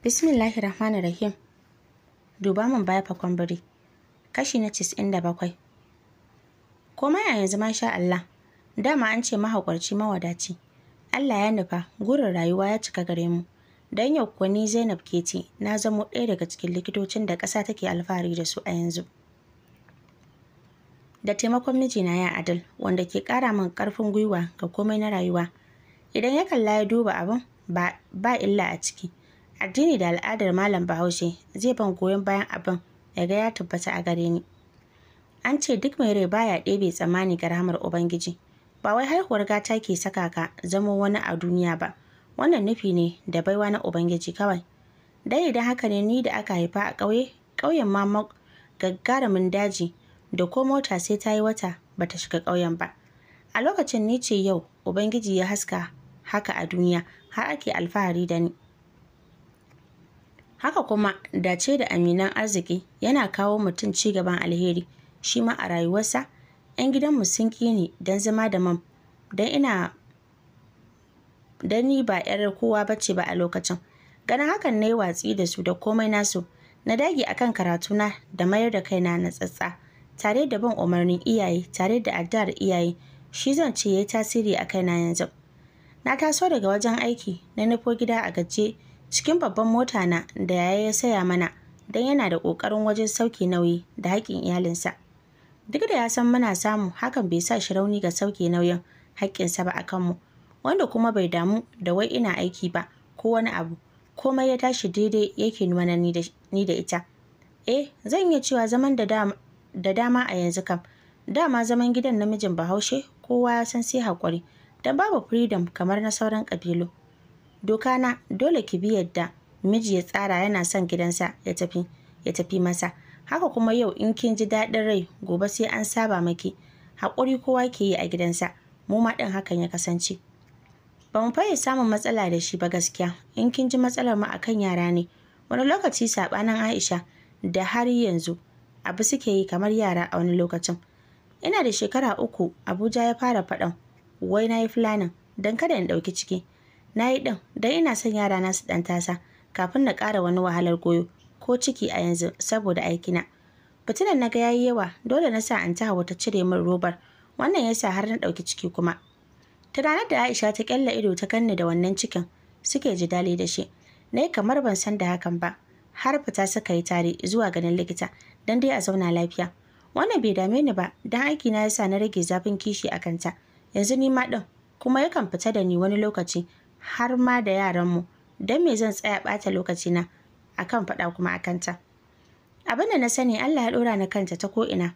Bismillahir Rahmanir Rahim. Duba min baya fa kwambiri. Kashi na da bakwai. Komai a yanzu masha Allah. Dama an ce mahaƙurci mawadaci. Allah ya nufa gurin rayuwa ya cika gare mu. Dan yau kuwa ni Zainab ce na zamo ɗaya daga cikin likitocin da ƙasa take alfahari da su a yanzu. Da taimakon mijina ya Adal wanda ke ƙara min ƙarfin gwiwa ga komai na rayuwa. Idan ya kalla ya duba abin ba illa a ciki. addini da al'adar malam bahaushe zai ban goyon bayan abin daga ya tabbata a gare ni an ce duk mai rai baya ɗebe tsammani ga rahamar ubangiji ba wai haihuwar gata ke saka ka zama wani a duniya ba wannan nufi ne da baiwa na ubangiji kawai dai idan haka ne ni da aka haifa a ƙauye ƙauyen ma gagarumin daji da ko mota sai ta yi wata bata shiga ƙauyen ba a lokacin ni ce yau ubangiji ya haska haka a duniya har ake alfahari da ni haka kuma dace da aminan arziki yana kawo mutum ci gaban alheri shi ma a rayuwarsa yan gidanmu sun ƙi don zama da mam don ina don ni ba yar kowa ba ce ba a lokacin ganin hakan na yi watsi da su da komai nasu na dage akan karatuna da mayar da kaina na tsatsa tare da bin umarnin iyaye tare da addu'ar iyaye shi zan ce ya yi tasiri a kaina yanzu na taso daga wajen aiki na nufo gida a gaje cikin babban mota na da yaya ya saya mana don yana da ƙoƙarin wajen sauke nauyi da haƙƙin iyalinsa. Duk da ya san muna samu hakan bai sa shi rauni ga sauke nauyin haƙƙinsa ba a kanmu, wanda kuma bai damu da wai ina aiki ba ko wani abu, komai ya tashi daidai yake mana ni da ita. Eh, zan iya cewa zaman da dama a yanzu kam, dama zaman gidan namijin Bahaushe kowa ya san sai haƙuri, don babu freedom kamar na sauran ƙabilu. doka na dole ki bi yadda miji ya tsara yana son gidansa ya tafi ya tafi masa haka kuma yau in kin ji daɗin rai gobe sai an saba maki haƙuri kowa ke yi a gidansa mu ma ɗin hakan ya kasance ba mu faye samun matsala da shi ba gaskiya in kin ji matsalar mu akan yara ne wani lokaci saɓanin aisha da har yanzu abu suke yi kamar yara a wani lokacin ina da shekara uku abuja ya fara faɗan wai na yi fulanin don kada in ɗauki ciki na yi ɗin don ina son yara na su ɗan tasa kafin na ƙara wani wahalar goyo ko ciki a yanzu saboda aikina fitilan na ga yayi yawa dole na sa an hawa ta cire min robar wannan ya sa har na ɗauki ciki kuma ta ranar da aisha ta ƙyalla ido ta kanni da wannan cikin suke ji dali da shi na yi kamar ban san da hakan ba har fita suka yi tare zuwa ganin likita don dai a zauna lafiya wannan bai dame ni ba don aikina na sa na rage zafin kishi a kanta yanzu ni ma ɗin kuma yakan fita da ni wani lokaci har ma da yaranmu don me zan tsaya ɓata lokacina a kan faɗa kuma a kanta? abinda na sani Allah ya ɗora na kanta ta ko'ina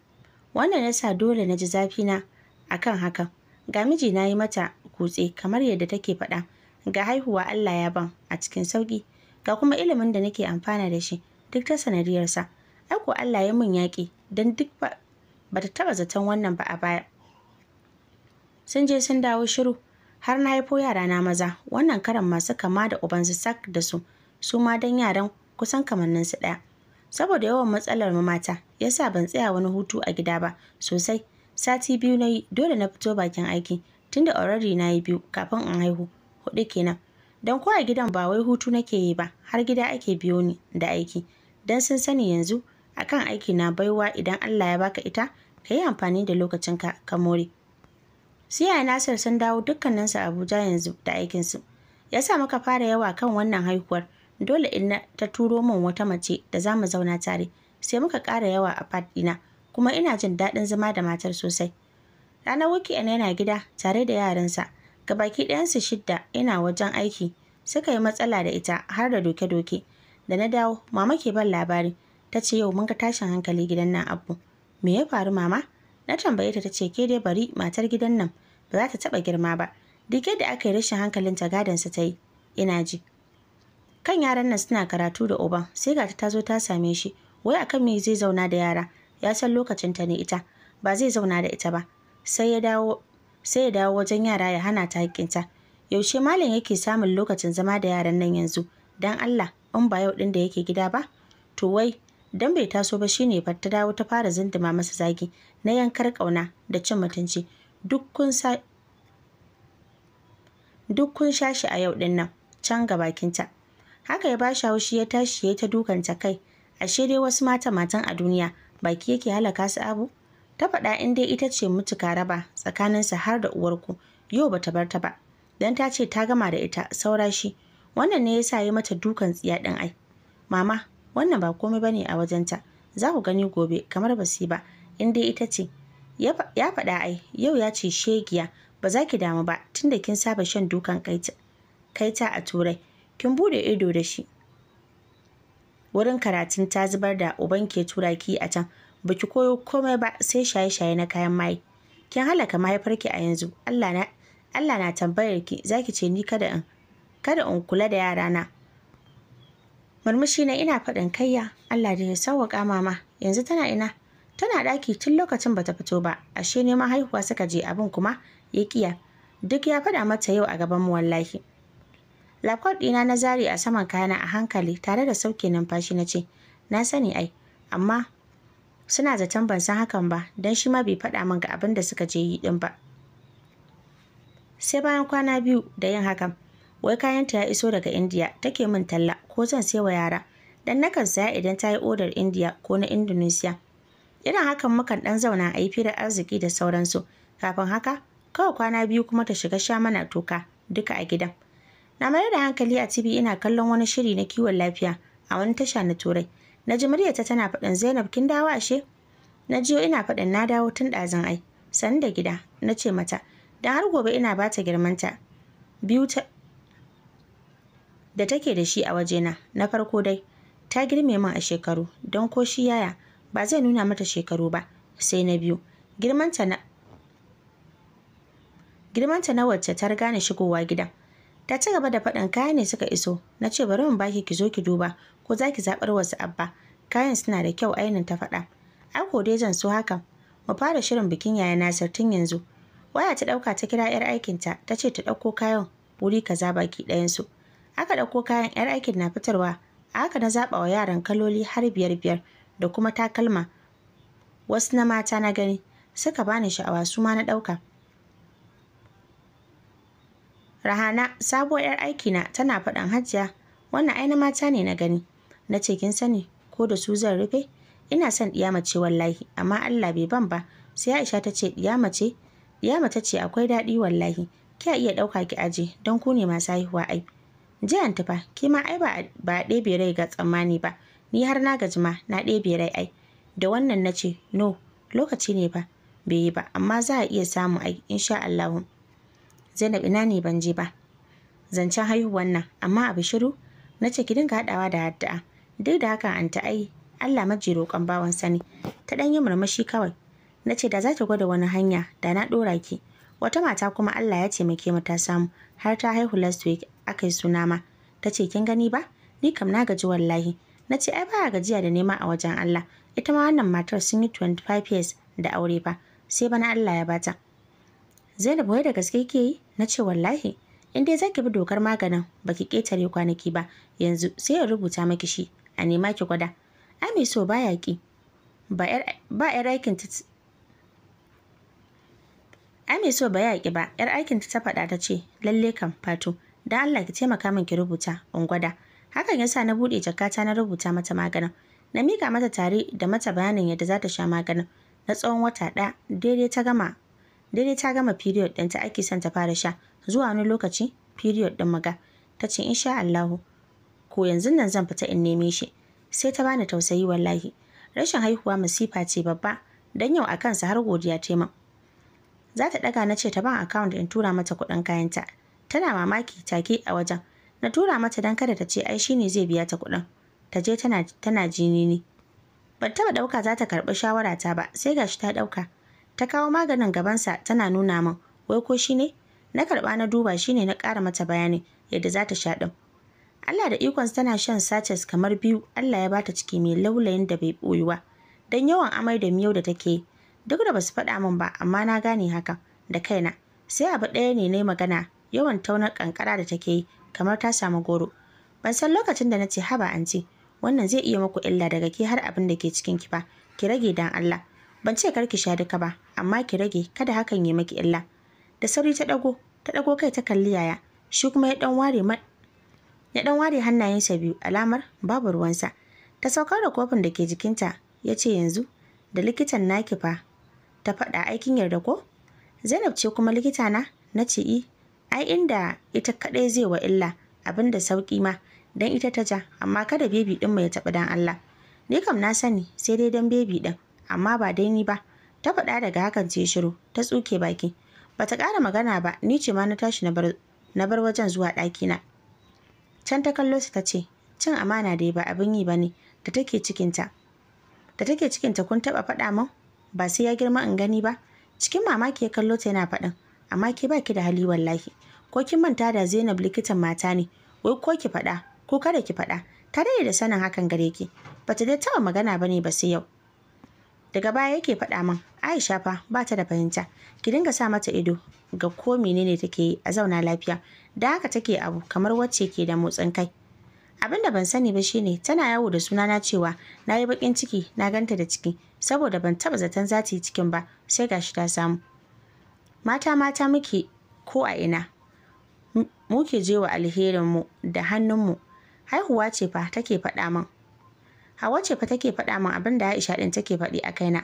wannan ya sa dole na ji zafina a kan hakan ga miji na yi mata kutse kamar yadda take faɗa ga haihuwa Allah ya ban a cikin sauƙi ga kuma ilimin da nake amfana da shi duk ta sanadiyarsa aiko Allah ya mun yaƙi don duk ba ta taɓa zaton wannan ba a baya sun je sun dawo shiru har na haifo yara na maza wannan karan masu kama da ubansu sak da su su ma dan yaran kusan kamannin su ɗaya saboda yawan matsalar mu mata yasa ban tsaya wani hutu a gida ba sosai sati biyu na yi dole na fito bakin aiki tunda already na yi biyu kafin in haihu hudu kenan don ko a gidan ba wai hutu nake yi ba har gida ake biyo ni da aiki dan sun sani yanzu akan aiki na baiwa idan Allah ya baka ita ka yi amfani da lokacinka ka more su yaya nasir sun dawo dukkaninsu abuja yanzu da aikinsu ya sa muka fara yawa kan wannan haihuwar dole in na ta turo min wata mace da za mu zauna tare sai muka ƙara yawa a fat ɗina kuma ina jin daɗin zama da matar sosai ranar weekend yana gida tare da yaransa ga gabaki ɗayansu shidda ina wajen aiki suka yi matsala da ita har da doke-doke da na dawo mama ke ban labari ta ce yau mun ga tashin hankali gidan nan abu me ya faru mama na tambaye ta ce ke dai bari matar gidan nan ba za ta taɓa girma ba duk yadda aka yi rashin hankalin ta gadon sa ta yi ina ji kan yaran nan suna karatu da uban sai ga ta zo ta same shi wai akan me zai zauna da yara ya san lokacin ta ne ita ba zai zauna da ita ba sai ya dawo sai ya dawo wajen yara ya hana ta ta yaushe malam yake samun lokacin zama da yaran nan yanzu dan Allah in ba yau din da yake gida ba to wai dan bai taso ba shine fa ta dawo ta fara zinduma masa zagi na yankar kauna da cin mutunci duk kun sha shi a yau ɗin nan can ga bakinta haka ya bashi haushi ya tashi ya ta dukanta kai ashe dai wasu mata matan a duniya baki yake halaka su abu ta faɗa in dai ita ce mutuka raba tsakanin tsakaninsa har da uwarku yau bata bar ta ba dan ta ce ta gama da ita saura shi wannan ne yasa yi mata dukan tsiya ɗin ai mama wannan ba komai bane a wajenta za ku gani gobe kamar basi ba in dai ita ce ya faɗa ai yau ya ce shegiya ba za ki damu ba tunda kin saba shan dukan kaita a turai kin bude ido da shi wurin karatun ta zubar da uban ke tura ki a can ba koyo komai ba sai shaye-shaye na kayan maye kin halaka mahaifarki a yanzu Allah na Allah na tambayar ki zaki ce ni kada in kada in kula da yara na murmushi na ina faɗin kaiya. Allah da ya sauwaƙa mama yanzu tana ina tana ɗaki tun lokacin bata fito ba ashe neman haihuwa suka je abin kuma ya kiya duk ya faɗa mata yau a gaban mu wallahi laptop ɗina na zari a saman kayana a hankali tare da sauke numfashi na ce na sani ai amma suna zaton ban san hakan ba don shi ma bai faɗa min ga abin da suka je yi ɗin ba sai bayan kwana biyu da yin hakan wai kayanta ya iso daga indiya take min talla ko zan sai wa yara dan nakan saya idan ta yi odar indiya ko na indonesia irin hakan mukan ɗan zauna a yi firar arziki da sauransu kafin haka kawai kwana biyu kuma ta shiga sha mana toka duka a gidan na mayar da hankali a tv ina kallon wani shiri na kiwon lafiya a wani tasha na turai na ji muryarta tana faɗin zainab kin dawo ashe na jiyo ina faɗin na dawo tun ɗazin ai sani da gida na ce mata don har gobe ina ba ta girmanta biyu ta da take da shi a wajena na farko dai ta girme min a shekaru don ko shi yaya ba zai nuna mata shekaru ba sai na biyu girmanta na girmanta wacce ta riga ni shigowa gidan ta ci gaba da faɗin kaya ne suka iso na ce bari mun baki ki zo ki duba ko za ki zaɓar wasu abba kayan suna da kyau ainin ta faɗa ai dai zan so hakan mu fara shirin bikin yaya nasir tun yanzu waya ta ɗauka ta kira 'yar aikinta ta ce ta ɗauko kayan wuri kaza baki ɗayansu aka ɗauko kayan 'yar aikin na fitarwa a haka na zaɓa wa yaran kaloli har biyar biyar da kuma takalma wasu na mata na gani suka bani sha'awa su ma na ɗauka rahana sabuwar 'yar aiki na tana faɗan hajiya wannan ai na mata ne na gani na ce kin sani ko da su zan rufe ina son ɗiyama mace wallahi amma allah bai ban ba sai aisha ta ce ɗiyama ce ɗiyama ta ce akwai daɗi wallahi kya iya ɗauka ki aje don ku ne masu haihuwa ai jiyan tufa ki ma ai ba a ɗebe rai ga tsammani ba ni har na gaji ma na ɗebe rai ai da wannan na ce no lokaci ne ba bai yi ba amma za a iya samu ai insha Allah Zainab ina ne ban je ba zancen haihuwan nan amma abu shiru na ce ki dinga haɗawa da hadda'a duk da haka an ta ai Allah maji roƙon bawan sani ta ɗan yi murmushi kawai na ce da za ki gwada wani hanya da na ɗora ki wata mata kuma Allah ya taimake mu ta samu har ta haihu last week aka yi suna ma ta ce kin gani ba ni kam na gaji wallahi na ce ai baya gajiya da nema a wajen Allah ita ma wannan matar sun yi 25 years da aure ba sai bana Allah ya bata Zainab wai da gaske ke yi na ce wallahi in dai zaki bi dokar maganin baki ketare kwanaki ba yanzu sai in rubuta maki shi a nema ki gwada ai mai so baya ki ba yar aikin ta ai mai so baya ki ba yar aikin ta faɗa ta ce lalle kan fato dan Allah ki taimaka min ki rubuta in gwada hakan yasa na buɗe jakata na rubuta mata maganin na mika mata tare da mata bayanin yadda za ta sha maganin na tsawon wata ɗaya daidai ta gama daidai ta gama period ta ake son ta fara sha zuwa wani lokaci period ɗin maga ta ce insha Allahu ko yanzu nan zan fita in neme shi sai ta bani tausayi wallahi rashin haihuwa masifa ce babba dan yau a kansa har godiya ta min za ta ɗaga na ce ta ban account in tura mata kuɗin kayanta tana mamaki take a wajen na tura mata dan kada ta ce ai shine zai biya ta kuɗin ta je tana tana jini ne ban taɓa ɗauka za ta karɓi shawara ta ba sai ga shi ta ɗauka ta kawo maganin gabansa tana nuna min wai ko shi ne? na karɓa na duba shi ne na ƙara mata bayani yadda za ta sha ɗin Allah da ikonsa tana shan sachets kamar biyu Allah ya bata ciki mai laulayin da bai ɓoyuwa don yawan amai da miyau da take duk da basu faɗa min ba amma na gane haka da kaina sai abu ɗaya ne na magana yawan taunar ƙanƙara da take yi kamar ta samu goro ban san lokacin da na ce haba an ce wannan zai iya maku illa daga ke har abin da ke cikin ki ba ki rage dan Allah ban ce kar ki sha duka ba amma ki rage kada hakan ya maki illa da sauri ta dago ta dago kai ta kalli yaya shi kuma ya dan ware ya dan ware hannayensa biyu alamar babu ruwansa ta saukar da kofin da ke jikinta ya ce yanzu da likitan naki fa ta faɗa aikin yarda ko zainab ce kuma likitana na ce i eh, ai inda ita kaɗai zai wa illa abin da sauƙi ma dan ita ta ja amma kada bebi ɗin mai taɓa dan Allah ni kam na sani sai dai dan bebi ɗin amma ba dai ni ba ta faɗa daga hakan ce shiru ta tsuke baki bata kara magana ba ni ce ma na tashi na bar wajen zuwa na can ta kallo su ta ce cin amana dai ba abin yi ba ne da take cikinta da take cikin ta kun taɓa faɗa min ba sai ya girma in gani ba cikin mamaki ya kallo ta yana faɗin amma ke baki da hali wallahi ko kin manta da Zainab likitan mata ne wai ko ki faɗa ko kada ki faɗa ta da sanin hakan gare ki bata da taɓa magana bane ba sai yau daga baya yake faɗa min Aisha fa ba ta da fahimta ki dinga sa mata ido ga ko menene take yi a zauna lafiya da haka take abu kamar wacce ke da motsin kai abin da ban sani ba shine tana yawo da sunana cewa na yi bakin ciki na ganta da ciki saboda ban taba zaton za ta yi cikin ba sai gashi ta samu mata mata muke ko a ina muke je wa alherinmu da hannunmu haihuwa ce fa take faɗa min hawa ce fa take faɗa min abin da aisha ɗin take faɗi a kaina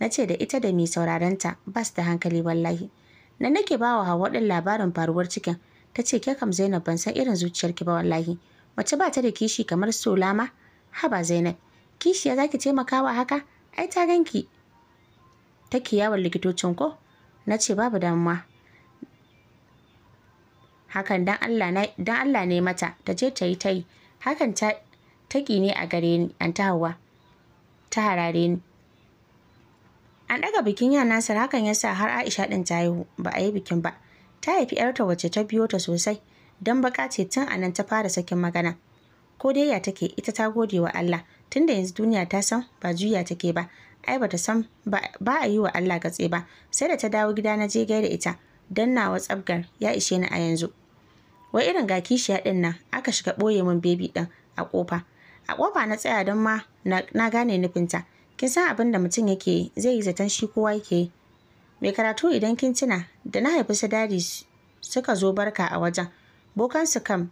na ce da ita da mai saurarenta ba su da hankali wallahi na nake ba wa hawa ɗin labarin faruwar cikin ta ce ke kam zainab ban san irin zuciyarki ba wallahi mace ba ta da kishi kamar solama haba zainab kishiya za ki taimakawa haka ai ta ganki take yawon likitocin ko na ce babu damuwa hakan dan Allah ne mata ta je ta yi ta yi hakan ta taƙi ne a gare ni an ta hawa ta harare ni an ɗaga bikin yana Nasir hakan ya sa har Aisha ɗin ta haihu ba a yi bikin ba ta haifi ‘yarta wacce ta biyo ta sosai don baka ce tun a ta fara sakin magana ko dai ya take ita ta gode wa Allah tunda yanzu duniya ta san ba juya take ba ai bata san ba a yi wa Allah gatse ba sai da ta dawo gida na je gaida ita dan nawa tsabgar ya ishe ni a yanzu wai irin ga kishiya din nan aka shiga boye mun baby din a kofa a kofa na tsaya don ma na gane ta kin san abin da mutum yake zai yi zaton shi kowa yake yi mai karatu idan kin tuna da na haifi su dadi suka zo barka a wajen bokansu kam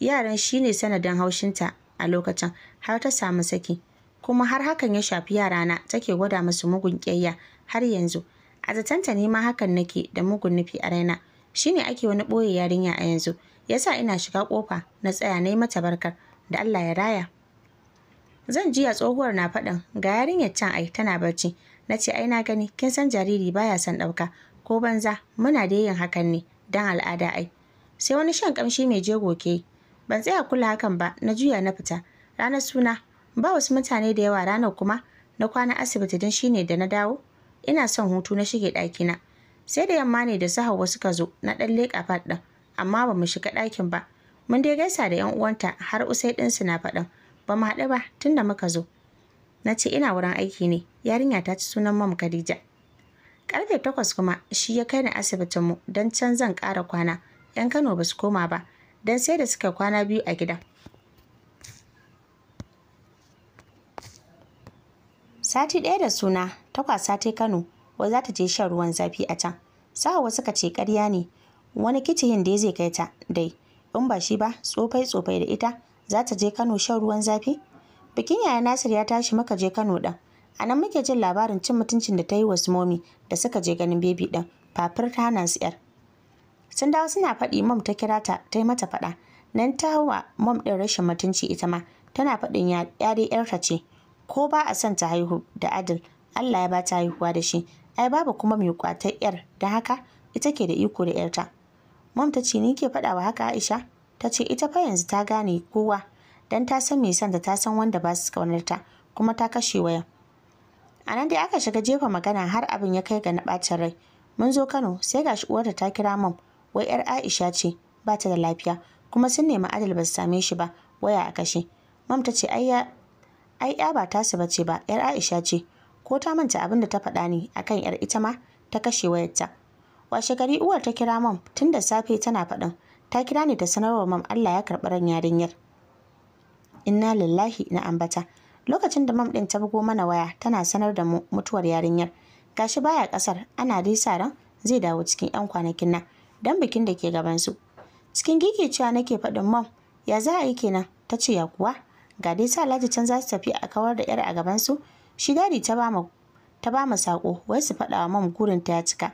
yaran shine sanadin haushinta a lokacin har ta samu saki kuma har hakan ya shafi yarana take gwada musu mugun ƙyayya har yanzu a zatanta ne ma hakan nake da mugun nufi a raina shine ake wani ɓoye yarinya a yanzu yasa ina shiga ƙofa na tsaya na yi mata barkar da Allah ya raya zan jiya tsohuwar na faɗin ga yarinyar can ai tana barci na ce ai na gani kin san jariri baya son ɗauka ko banza muna da yin hakan ne don al'ada ai sai wani shan kamshi mai jego ke ban tsaya kula hakan ba na juya na fita ranar suna ba wasu mutane da yawa ranar kuma na kwana asibiti don shine da na dawo ina son hutu na shige ɗakina sai da yamma ne da su hawa suka zo na ɗan leƙa fat ɗin amma ba mu shiga ɗakin ba mun dai gaisa da 'yan uwanta har usai ɗinsu na faɗin ba mu haɗu ba tun da muka zo na ce ina wurin aiki ne yarinya ta ci sunan mamu khadija karfe takwas kuma shi ya kai ni asibitinmu don can zan ƙara kwana 'yan kano ba su koma ba don sai da suka kwana biyu a gida. sati ɗaya da suna takwasa ta kano wai za ta je shan ruwan zafi a can wasu suka ce ƙarya ne wani kicin da ya zai kai ta dai in ba shi ba tsofai tsofai da ita za ta je kano shan ruwan zafi bikin yaya nasir ya tashi maka je kano ɗan a nan muke jin labarin cin mutuncin da ta yi wa momi da suka je ganin bebi ɗin fafir ta hana su yar sun dawo suna faɗi mom ta kira ta ta yi mata faɗa nan ta wa mom ɗin rashin mutunci ita ma tana faɗin ya dai ta ce ko ba a son ta haihu da adil Allah ya ba ta haihuwa da shi ai babu kuma mai kwatar yar da haka ita ke da iko da yarta mom ta ce ni ke faɗawa wa haka Aisha ta ce ita fa yanzu ta gane kowa dan ta san mai santa ta san wanda ba su kaunar ta kuma ta kashe waya a nan dai aka shiga jefa magana har abin ya kai ga na bacin rai mun zo Kano sai gashi uwarta ta kira mom wai yar Aisha ce ba ta da lafiya kuma sun nemi adal ba su same shi ba waya a kashe mam ta ce ai ai ya ba tasu bace ba yar Aisha ce ko ta manta abin da ta faɗa ne akan yar ita ma ta kashe wayarta washe gari uwar ta kira mam tun da safe tana faɗin ta kira ne ta sanarwa mam Allah ya karɓi ran yarinyar inna lillahi na ambata lokacin da mam ɗin ta bugo mana waya tana sanar da mu mutuwar yarinyar gashi baya ƙasar ana dai sa ran zai dawo cikin 'yan kwanakin na. dan bikin da ke gaban su, cikin gigi cewa nake faɗin mam ya za a yi kenan ta ce ya kuwa ga dai sa alhaji can za su tafi a kawar da yar a su? shi dadi ta ba mu ta ba mu sako wai su faɗa wa mam gurin ta cika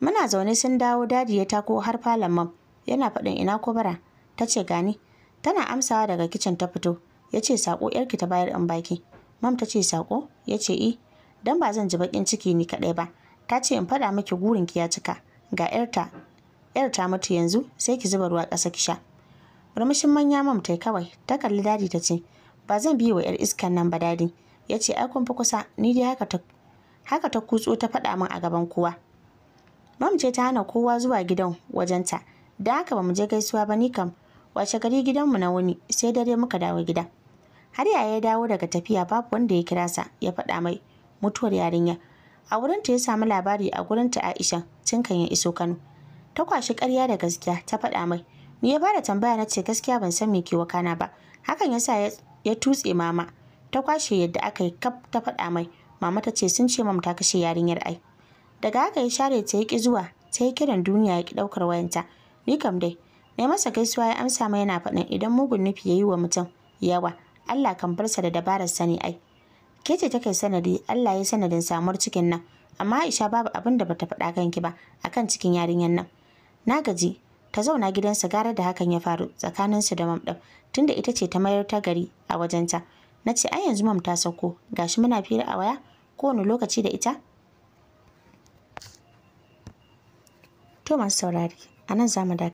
muna zaune sun dawo dadi ya tako har falon mam yana faɗin ina kobara ta ce gani tana amsawa daga kicin ta fito ya ce sako yarki ta bayar in baki mam ta ce sako ya ce i eh. dan ba zan ji baƙin ciki ni kaɗai ba ta ce in faɗa miki gurin ki ya cika ga yarta yar ta mutu yanzu sai ki zuba ruwa ƙasa ki sha murmushin manya mam tai kawai ta kalli dadi ta ce ba zan biye wa 'yar iskan nan ba dadi ya ce ai kun fi kusa ni dai haka ta haka ta kutso ta faɗa min a gaban kowa mam ce ta hana kowa zuwa gidan wajenta da haka ba mu je gaisuwa ba ni kam washe gari gidanmu na wuni sai dare muka dawo gida har yaya ya dawo daga tafiya babu wanda ya kira sa ya faɗa mai mutuwar yarinya a wurinta ya samu labari a gurinta aisha tun kan ya iso kano ta kwashi ƙarya da gaskiya ta faɗa mai Ni ya fara tambaya na ce gaskiya ban san me ke wakana ba. Hakan yasa ya tutse mama. Ta kwashe yadda aka yi kaf ta faɗa mai. Mama ta ce sun ce mam ta kashe yarinyar ai. Daga haka ya share ta ki zuwa, ta yi kiran duniya ya ki ɗaukar wayanta. Ni kam dai, ne masa gaisuwa ya amsa mai yana faɗin idan mugun nufi ya yi wa mutum yawa, Allah kan bar sa da dabarar sani ai. Ke ce ta kai sanadi, Allah ya sanadin samuwar cikin nan, amma Aisha babu abin da bata faɗa kanki ba akan cikin yarinyar nan. Na gaji, ta zauna sa gara da hakan ya faru tsakanin su da mam tunda ita ce ta mayar ta gari a wajenta na ce ai yanzu mam ta sauko gashi muna fira a waya kowane lokaci da ita to masu saurari a nan za mu